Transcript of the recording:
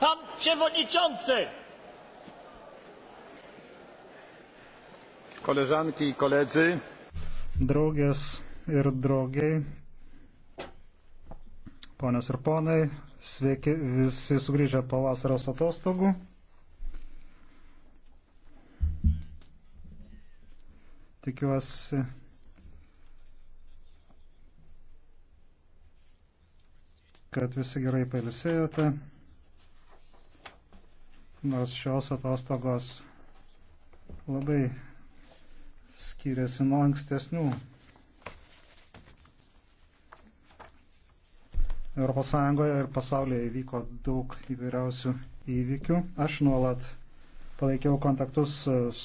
Pan Przewodniczący! Koleżanki i koledzy. Draugės ir draugiai, ponios ir ponai, sveiki visi sugrįžę po vasaros atostogų. Tikiuosi, kad visi gerai pailsėjote nors šios atostogos labai skiriasi nuo ankstesnių. ES ir pasaulyje įvyko daug įvairiausių įvykių. Aš nuolat palaikiau kontaktus